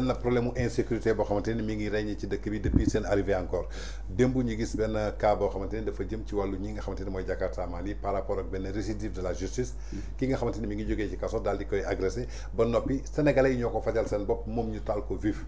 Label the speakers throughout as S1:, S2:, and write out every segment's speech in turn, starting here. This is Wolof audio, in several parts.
S1: benn problème insécurité boo xamante ni mi ngi ràññee ci dëkk bi depuis seen arrivée encore démb ñu gis benn cas boo xamante ni dafa jëm ci wàllu ñi nga xamante ni mooy jakartaamaan yi par rapport ak benn récidive de la justice ki nga xamante ni mi ngi jógee ci kaso daal di koy agressé ba noppi sénégalais yi ñoo ko fajal seen bopp moom ñu taal ko vif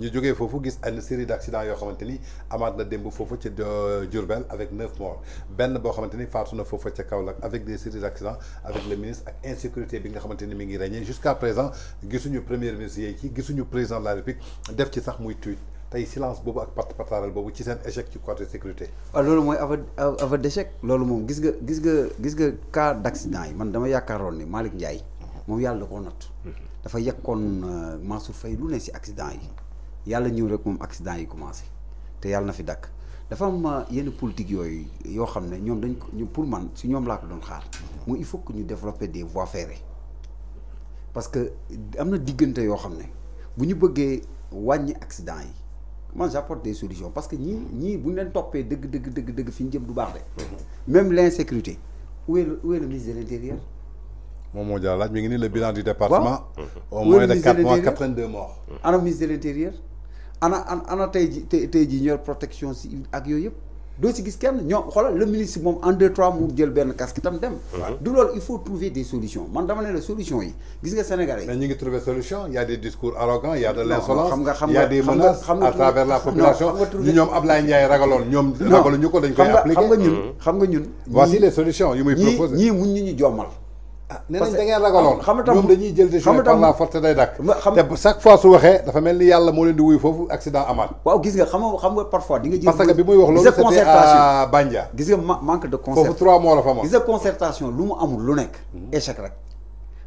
S1: ñu jógee fofu gis une série d' yo xamanteni amad na demb fofu ci euh, Diourbel avec 9 morts ben bo xamanteni ni faatu na foofu ca Kaolack avec des séries d'accidents avec le ministre ak insécurité bi nga xamanteni mi ngi ràññee jusqu'à présent gisunu premier ministre yi ci gisunu président de la République def ci sax muy tweet tay silence bobu ak pat pataaral bobu ci sen échec ci côté sécurité.
S2: waaw loolu mooy avat avat d' échec loolu gis nga gis nga gis nga cas d'accident yi man dama yaakaaroon ni Malik Ndiaye mom yalla ko not natt mhm. dafa yekkoon euh, Mansour Faye lu ne si accident yi yalla ñëw rek mom accident yi commencé té yalla na fi dak dafa am euh, yene politique yoy yo xamné ñom dañ pour man si ñom la ko doon xaar il faut que ñu développer des voies ferrées parce que amna digënté yo xamné bu ñu bëggé wañi accident yi man j'apporte des solutions parce que ñi ñi bu ñu leen toppee deug deug deug dëgg fi ñu jëm du baax même l'insécurité où est le où est le ministre de l'intérieur
S1: Mon mon jàll laaj mi ngi ni le bilan du département au moins de 4 mois 82 morts
S2: Alors ministre de l'intérieur ana ana ana tey ji ñor protection civile ak yooyu yëpp doo gis kenn ñoo xoolal le ministre moom en deux trois mu jël benn casque itam dem. du loolu il faut trouver des solutions man dama ne la solution yi gis nga Sénégalais. mais ñu ngi trouver solution il y a des discours arrogants il y a de l'insolence il y a des xam à travers la population ñu ñoom Ablaye Ndiaye
S1: ragalon ñom ragaluñu ñuko dañ koy appliquer xam nga ñun. xam nga ñun. voici les solutions yu muy proposer ñi mu mun ñu ñu
S3: Ah, nee nañ da ragaloon xam
S1: nga tam ñoom jël décision par la force day dàkk te chaque fois su ni yàlla moo leen di wuyu foofu accident amaat waaw gis xam nga xam nga parfois di nga gis parce que bi muy wax loolu
S2: c'était à mu amul lu nekk mhm. échec rek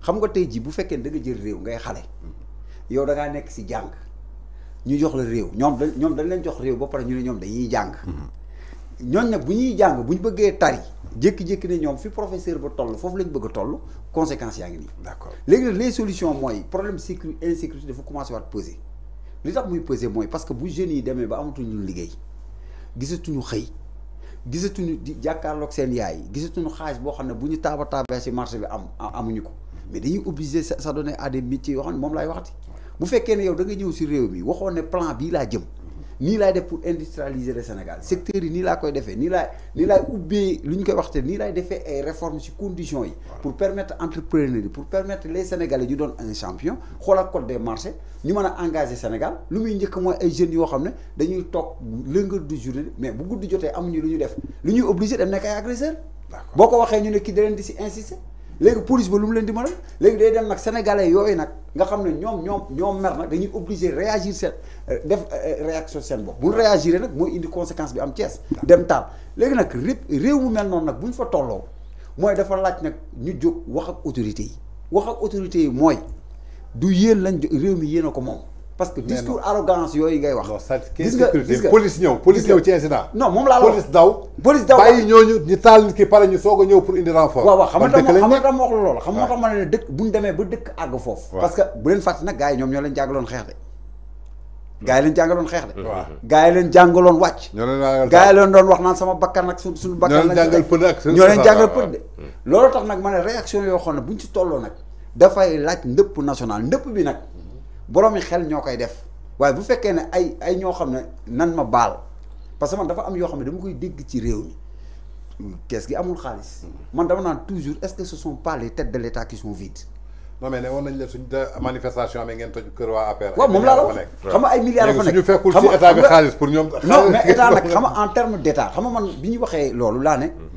S2: xam nga tey jii bu fekkee da nga jël réew ngay xale mhm. yow da nekk si jàng ñu jox la réew ñoom da ñoom dañ leen jox réew ba pare ñu ne ñoom dañuy jàng mhm. ñooñ nag bu ñuy jàng bu ñu bëggee tari jékki-jékki ne ñoom fi professeur ba toll foofu lañ bëgg a conséquences yaa ngi d'accord les solutions mooy problème sécurité insécurité dafa commencé waat poser. li tax muy peser parce que bu jeunes yi ba amatuñu liggéey di yaay ne taaba marché bi am mais dañuy obligé à des métiers waxati bu yow da nga si mi plan ni lay def pour industrialiser le Sénégal secteur ni la koy defee ni laay ni lay ubbee luñ ñu koy waxte ni lay defee ay réformes ci conditions yi pour permettre entrepreneurs pour permettre les Sénégalais yu don un champion ak code des marchés ñu mën a engagé Sénégal lu muy ñëk moy ay jeunes yo xamné ne dañuy tok longueur du journée mais bu guddi jotee amuñu luñu def lu ñuy obligé dem nekk ay agresseur boo ko waxee ñu né ki da leen di insister léegi police ba lu mu leen di mën a léegi dem nag sénégalais yoy nak nga xamné ñom ñom ñom mer nak dañuy obligé réagir seen euh, def euh, euh, réaction sen bok bu ñu réagir nag mooy indi conséquence bi am Thiès dem taal léegi nak réew mu mel non nak buñ fa tolloo moy dafa laaj nak ñu jóg wax ak autorité yi wax ak autorité yi mooy du yéen lañ réew mi yéen ko mom parce que discours arrogance yooyu ngay wax. non sat kii sécurité bi police ñëw police ñëw ci
S1: incident. non moom laa la police daw. police daw bàyyi ñooñu ñu taal nit ki pare ñu soog a ñëw pour indi renfort. waaw waaw xam nga tax xam nga
S2: tax ma wax la loolu xam nga tax ma ne dëkk bu ñu demee ba dëkk àgg foofu. parce que bu leen fàttali nag gars yi ñoom ñoo leen jàngaloon xeex de. gars yi leen jàngaloon xeex de. waaw gars yi leen jàngaloon wàcc. ñoo leen jàngal gars yi leen doon wax naan sama bakkan nag suñu suñu bakkan. ñoo leen jàngal pënd ak seen ñoo leen jàngal pënd de. looloo tax nag ma ne réaction yoo xam ne buñ ci tolloo nag dafay laaj ndëpp national ndëpp bi nag. boroomi xel ñoo koy def waaye bu fekkee ne ay ay ñoo xam ne nan ma baal parce que man dafa am yoo xam ne dama koy dégg ci réew mi kees gi amul xaalis man dama naan toujours est-ce que ce sont pas les têtes de l'État qui sont vides non mais ne woon nañ la suñ manifestation amee ngeen toj kër
S1: waa APR waaw moom laa la wax xam nga ay milliards fa nekk suñu fekkul ci état bi xaalis pour
S2: ñoom non mais état nag xam nga en terme d'état xam nga man bi ñu waxee loolu laa ne mhm.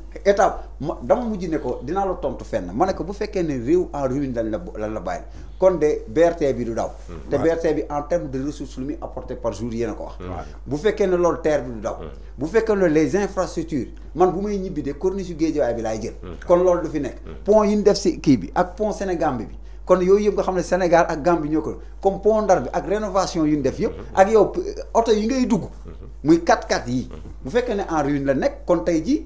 S2: étape dama mujj ne ko dinaa la tontu fenn mané ko bu fekké né réew en ruine lañ la la bayil kon dé BRT bi du daw. Hmm. té BRT bi en terme de ressources lu muy apporté par jour yéen ko wax. Hmm. bu fekké né lol terre bi du daw. Hmm. bu fekké né les infrastructures man bu may ñibbi de corniche yu Guédiawaye bi lay jël. kon lol du fi nekk. pont yi ñu def ci kii bi ak pont sénégal bi. kon yoy yeb nga xamné Sénégal ak Gambie ñoo comme pont Ndar bi ak rénovation yu ñu def yeb ak yow auto yi ngay dugg muy 4 4 yi bu fekké né en ruine la nekk kon tay ji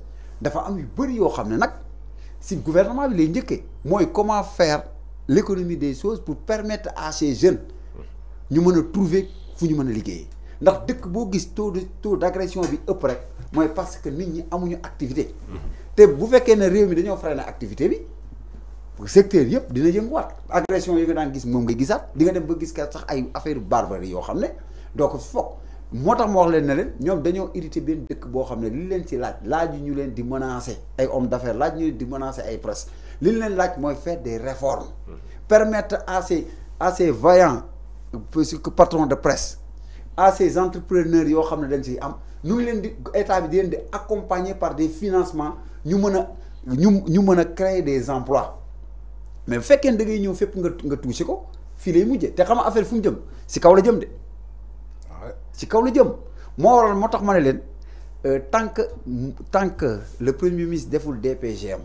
S2: dafa am yu bari gouvernement comment faire l'économie des choses pour permettre à ces jeunes ñu trouver fu ñu Donc, ndax dëkk taux d'agression parce que nit ñi amuñu activité si bu féké né réew activité bi secteur yëpp dina wat agression yi nga daan barbarie motax mo wax leen ne leen ñoom dañoo irrité benn dëkk boo xam ne li leen ci laaj laaj ñu leen di menacer ay hommes d'affaires laaj ñu leen di menacer ay presse li leen laaj mooy fait des réformes mmh. permettre à ces à ces vaillants patron de presse à ces entrepreneurs yoo xam ne dañ ciy am ñu leen di état bi di leen di accompagner par des financements ñu mën a ñu ñu mën a créer des emplois mais bu fekkee da ngay ñëw fépp nga nga touché ko fii lay mujjee te xam affaire fu mu jëm si kaw la jëm de ci kaw ça jëm waral euh, tant que le premier ministre deful DPGM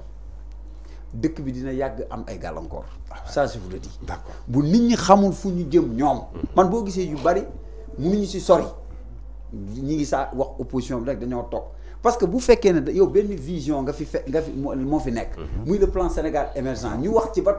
S2: dëkk bi dina am ay ça je vous le dis. d'accord bu nit ñi xamul fu ñu jëm ñom hmm. man yu bari ci sori ñi ngi wax opposition rek dañoo parce que bu que ne yow vision vous fi hmm. le plan Sénégal émergent Nous wax ci ba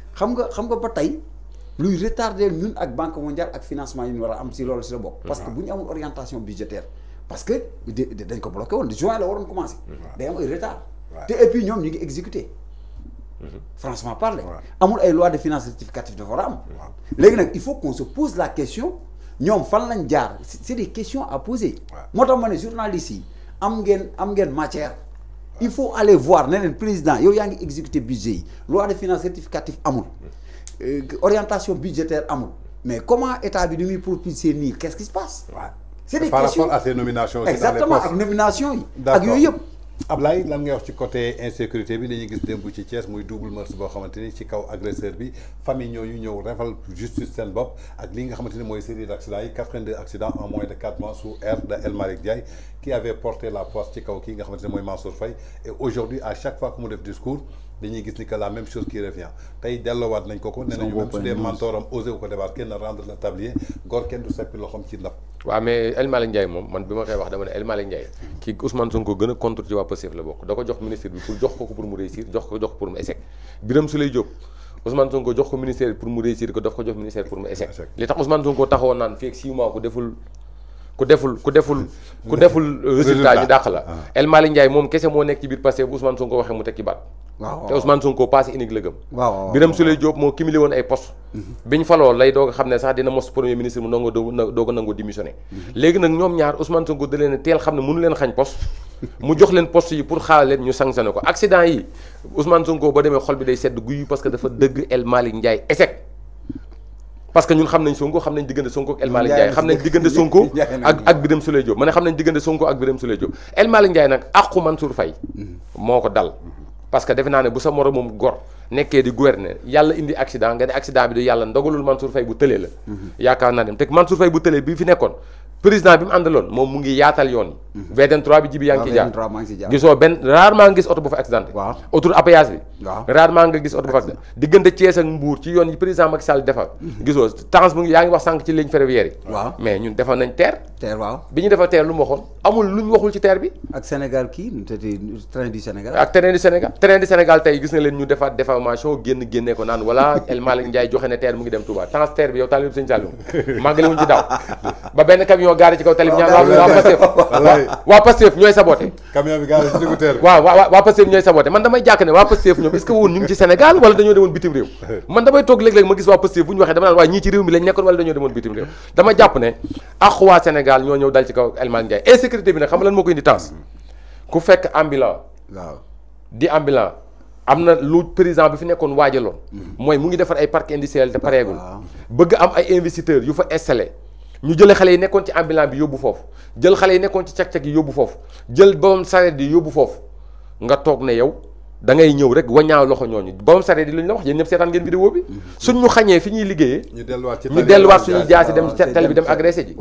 S2: xam nga xam nga ba luy retarder ñun ak banque mondiale ak financement yi ñu war a am si loolu si la bokk. parce que bu ñu amul orientation budgétaire. parce que dañ ko bloqué woon juin la waroon commencé. day am ay retard. te et puis ñoom ñu ngi exécuter mhm. franchement parlé amul ay loi de finances rectificative de war am. léegi nag il faut qu'on se pose la question ñoom fan lañ jaar c'est des questions à poser. moo tax ma ne journalistes yi am ngeen am ngeen matière il faut aller voir le président il a exécuté exécuter budget loi de finances rectificative amul euh, orientation budgétaire amul mais comment état bi du pour propulser qu'est-ce qui se passe. c'est des par rapport à ces nominations. exactement à nomination nominations, Ablay, lan
S1: ngay wax ci côté insécurité bi li ñu gis démb ci Thiès muy double meurtre bo xamanteni ci kaw agresseur bi famille ñooñu ñew réval justice seen bop ak li nga xamanteni moy série d'accidents yi 82 accidents en moins de 4 mois sous R de El Malik Diaye qui avait porté la poisse ci kaw ki nga xamanteni moy Mansour Faye et aujourd'hui à chaque fois que mu def discours dañuy gis ni que la même chose qui revient tey delloowaat nañ ko ko nee nañu même su dee mentoram osé ko débarquer kenn rendre la tablier gor kenn du seppi loxoom ci ndab
S3: waaw mais El Malick Ndiaye moom man bi ma koy wax dama ne El Malick Ndiaye ki Ousmane Sonko gën a contre ci waa Pastef la bokk da ko jox ministre bi pour jox ko ko pour mu réussir jox ko jox ko pour mu échec Birame Souleye Diop Ousmane Sonko jox ko ministère pour mu réussir ko daf ko jox ministère pour mu échec li tax Ousmane Sonko taxawoon naan fii ak 6 ku deful ku deful ku deful ku deful euh, dàq la ah. El Malick moom kese moo nekk ci biir Pastef bu Ousmane Sonko waxee waaw te Ousmane Sonko passé unique la gëm. waaw Birame Souleye Diop moo cumulé woon ay poste mhm. biñ faloo lay doog a xam ne sax dina mos premier ministre mu nango doog a nango démissionné. Mhm. léegi nag ñoom ñaar Ousmane Sonko da leen teel xam ne mënu leen xañ poste mu jox leen poste yi pour xaar leen ñu sanctionné ko accident yi Ousmane Sonko ba demee xol bi day sedd guy parce que dafa dëgg El Malick Ndiaye échec. parce que ñun xam nañ Sonko xam nañ diggante Sonko ak El Malick Ndiaye xam nañ diggante Sonko ak ak Birame Souleye Diop ma ne xam nañ diggante Sonko ak Birame Souleye Diop El Malick Ndiaye nag àqu mhm. moo ko dal parce que defe naa ne bu sa moromum gor nekkee di gouverner yàlla indi accident nga ne accident bi du yàlla ndogalul Mansour Faye bu tëlee la. Mhm. yaakaar naa dem te Mansour Faye bu tëlee bi fi nekkoon président bi mu àndaloon moom mu ngi yaatal yoon VDN 3 bi jibi yaa ngi ciy
S2: jaar gisoo
S3: benn rarement nga gis oto bu fa accidenté autour à bi waaw rarement nga gis oto bu fa accidenté diggante Thiès ak Mbour ci yoon yi président Macky Sall defar gisoo temps yaa ngi wax sànq ci ligne ferroviaire yi waaw mais ñun defar nañ terre bi ñu defar terre lu mu waxoon amul lu ñu waxul ci terre bi ak Sénégal kii train du Sénégal ak train du Sénégal train du Sénégal tey gis nga leen ñu defaat déformation génn génnee ko naan voilà El ne waa Pastef ñooy saboté camion ñooy saboté man damay jàkk ne waa Pastef ñoom est que woon ñu ngi ci Sénégal wala dañoo demoon bitim réew man damay toog léeg-léeg ma gis waa Pastef bu ñu waxee dama naan waa ñii ci réew mi lañ nekkoon wala dañoo demoon bitim réew dama jàpp ne ak Sénégal ñoo ñëw dal ci kaw Elmane Ndiaye insécurité bi nag xam nga lan moo ko indi tans ku fekk ambulant di ambulant am na lu président bi fi nekkoon waajaloon mm-hmm. mooy mu ngi defar ay parc industriel te bëgg am ay investisseurs yu fa installé ñu jëlee xale yi nekkoon ci ambulant bi yóbbu foofu jël xale yi nekkoon ci cag-cag yi yóbbu foofu jël borom sareet yi yóbbu foofu nga toog ne yow da ngay ñëw rek waññaaw loxo ñooñu borom sareet yi lu ñu la wax yéen ñëpp seetaan ngeen vidéo bi suñ ñu xañee fi ñuy liggéeyee
S1: ñu delluwaat suñuy jaasi dem ci tali bi
S3: dem agressé ji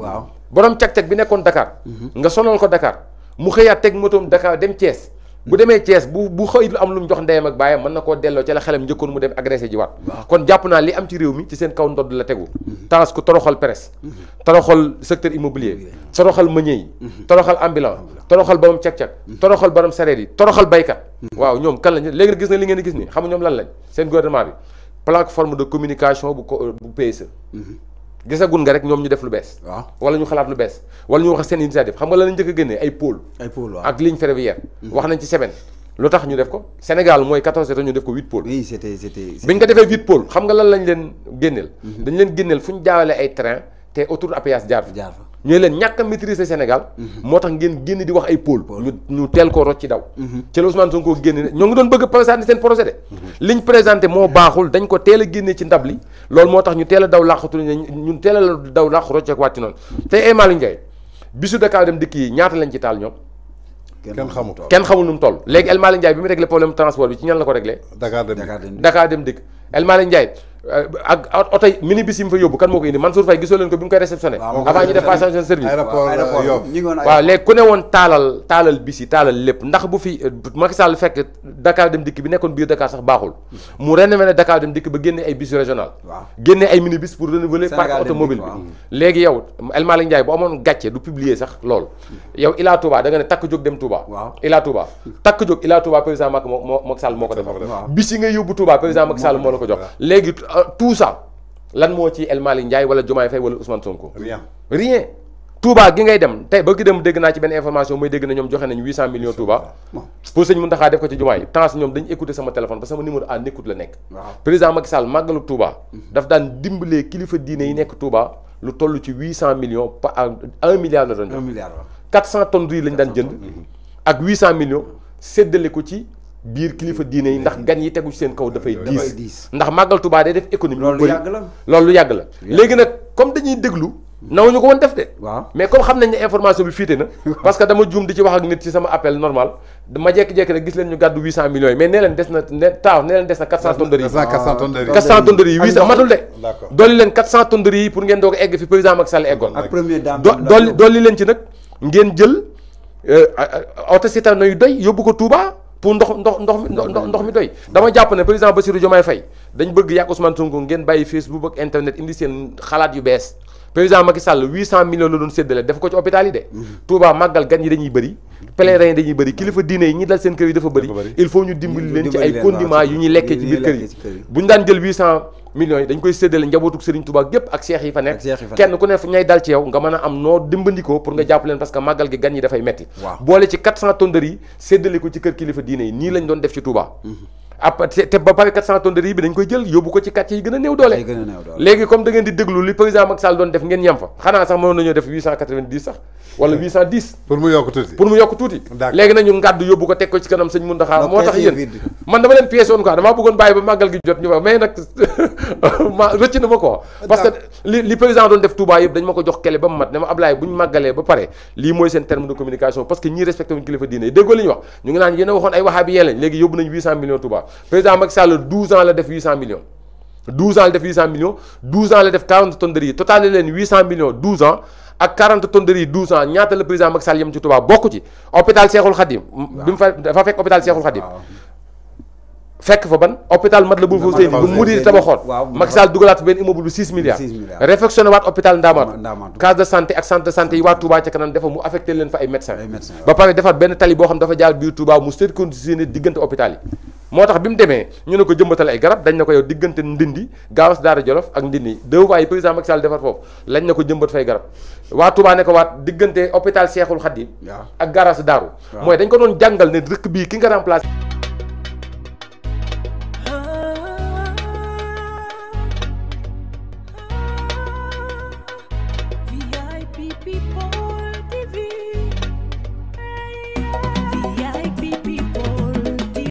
S3: borom cag-cag bi nekkoon dakaar nga sonal ko dakaar mu xëyaat teg motoom Dakar dem Thiès bu demee Thiès bu bu xëy am lu mu jox ndeyam ak bàyyam mën na koo delloo ci la xelam njëkkoon mu dem agressé ji waat. kon jàpp naa li am ci réew mi ci seen kaw ndodd la tegu. Mhm. taas ku toroxal presse. Mhm. toroxal secteur immobilier. toroxal meññee yi. Mhm. toroxal ambulance. toroxal borom cek cek. toroxal borom sareet yi toroxal baykat. waaw ñoom kan lañ léegi gis na li ngeen gis ni xam nga ñoom lan lañ seen gouvernement bi plateforme de communication bu ko bu PSE. gisagun nga rek ñoom ñu def lu bees. waaw wala ñu xalaat lu bees wala ñu wax seen initiative xam nga la lañ njëkk a génnee ay pôle. ay pôle waaw ak ligne ferroviaire. Mhm. wax nañ ci semaine. lu tax ñu def ko Sénégal mooy 14 ñu def ko 8 pôles. oui c'était ñu ko defee 8 pôles xam nga lan lañ leen génneel. Mhm. dañ leen génneel fu ñu jaawale ay train te autour de péage jaar fa. jaar fa ñooy leen ñàkk a maîtriser Sénégal mhm. moo tax ngeen génn di wax ay pôle ñu ñu teel ko rocc ci daw mhm. ci la Ousmane Sonko génn ne ñoo ngi doon bëgg présenté seen projet de mhm. liñ présenté moo baaxul dañ ko teel a génnee ci ndab li loolu moo tax ñu teel a daw làqatu ñun teel a daw làqu rocceek wàcc noonu tey ay Malick Ndiaye bisu Dakar dem ñaata lañ ci taal ñoom kenn xamul kenn xamul nu mu toll léegi El Malick Ndiaye bi mu problème transport bi ci ñan la ko réglé Dakar dem dikk Dakar dem dikk El Malick ak oto minibus yi mu fa yóbbu kan moo ko indi Mansour Faye gisoo leen ko bi mu koy réceptionné avant ñu def passation service waaw léegi ku ne woon taalal taalal bis yi taalal lépp ndax bu fi Macky Sall fekk Dakar dem dikk bi nekkoon biir Dakar sax baaxul mu rénové ne Dakar dem dikk ba génne ay bus régional génne ay minibus pour renouveler parc automobile bi léegi yow El Malick bu amoon gàcce du publier sax loolu yow Ila Touba da nga ne takk Euh, tout ça lan moo ci El Malick Ndiaye wala Diomaye Faye wala Ousmane Sonko. rien rien. Touba gi ngay dem tay ba gi dem dégg naa ci ben information moy dégg na ñoom joxe nañ 800 millions Touba. pour sëñ Mountakha def ko ci jumaa tans ñom dañ dañu écouter sama téléphone parce que sama numéro à n'écoute la nek président Macky Sall màggalu Touba. Mhm. daf daan dimbalee kilifa diiné yi nek Touba lu tollu ci 800 millions par 1 milliard de doon jox. 1 milliard 400 tonnes riz lañ daan jënd. Mhm. ak 800 millions séddale ko ci. biir kilifa diine yi ndax gan yi tegu seen kaw dafay diis ndax màggal Tuubaa day def économie loolu yàgg la loolu yàgg la léegi nag comme dañuy déglu naw ñu ko woon def de waaw mais comme xam nañ ne information bi fiite na parce que dama juum di ci wax ak nit ci sama appel normal ma jékki-jékki rek gis leen ñu gàddu 800 millions yi mais nee leen des na ne taaw nee leen des na 400 tonnes de riz 400 tonnes de riz 800 matul de dolli leen 400 tonnes de euh, yóbbu ko Tuubaa pour ndox ndox ndox ndox ndox mi doy dama jàpp ne si Bassirou may Faye dañ bëgg yàgg Ousmane Sonko ngeen bàyyi Facebook ak internet indi seen xalaat yu bees président Macky Sall 800 millions la doon séddale def ko ci hôpital yi de. Touba magal gagne yi dañuy bëri. pèlerins yi dañuy bëri kilifa diine yi ñi dal seen kër yi dafa bëri. il faut ñu dimbali leen ci ay condiments yu ñuy lekkee ci biir kër yi. bu ñu daan 800 millions yi dañ koy séddale njabootuk Serigne Touba gépp ak seex yi fa nekk. kenn ku ne fu ñay dal ci yow nga mën am noo dimbandikoo pour nga jàpp leen parce que magal gi gan yi dafay metti boole ci 400 tonnes de riz séddale ko ci kër kilifa diine yi nii lañ doon def ci Touba mm-hmm. après te ba pare 400 tonnes de riz bi dañ koy jël yóbbu ko ci quartier yi gën a néew doole léegi comme da di déglu li président Macky Sall doon def ngeen yem fa xanaa sax mënoon nañoo def 890 sax wala 810 eh. pour mu yokk tuuti pour mu yokk tuuti léegi nañu ngàdd yóbbu ko teg ko ci kanam sëñ Mountakha moo tax yéen man dama leen pièce woon quoi damaa bëggoon bàyyi ba màggal gi jot ñu nag ma rëcc ma ko parce li li pare seen terme président Macky Sall 12 ans la def 800 millions 12 ans la def 800 millions 12 ans la def 40 tonnes de riz total 800 millions 12 ans ak 40 tonnes 12 ans Il y président Macky Sall yam ci Touba bokku ci hôpital Cheikhoul Khadim bi fa fek hôpital Cheikhoul Khadim fekk fa ban hôpital Matlaboul Fawzayni bu mu di Macky Sall dugulat ben immeuble bu 6 milliards réfectionné wat hôpital Ndamatou case de santé ak centre de santé yi waa Touba ci kanam dafa mu affecter len fa ay médecins ba paré defat ben tali bo xam dafa jaar biir Touba mu seet conditionné hôpital yi moo tax bi mu demee ñu ne ko jëmbatal ay garab dañ na ko yow diggante ndindi gaawas daara jolof ak ndindi deux voies yi président Macky Sall defar foofu lañ na ko jëmbat fay garab waa Touba ne ko waat diggante hôpital Cheikhoul Khadim ak garage daaru mooy dañ ko doon jàngal ne dëkk bii ki nga remplacé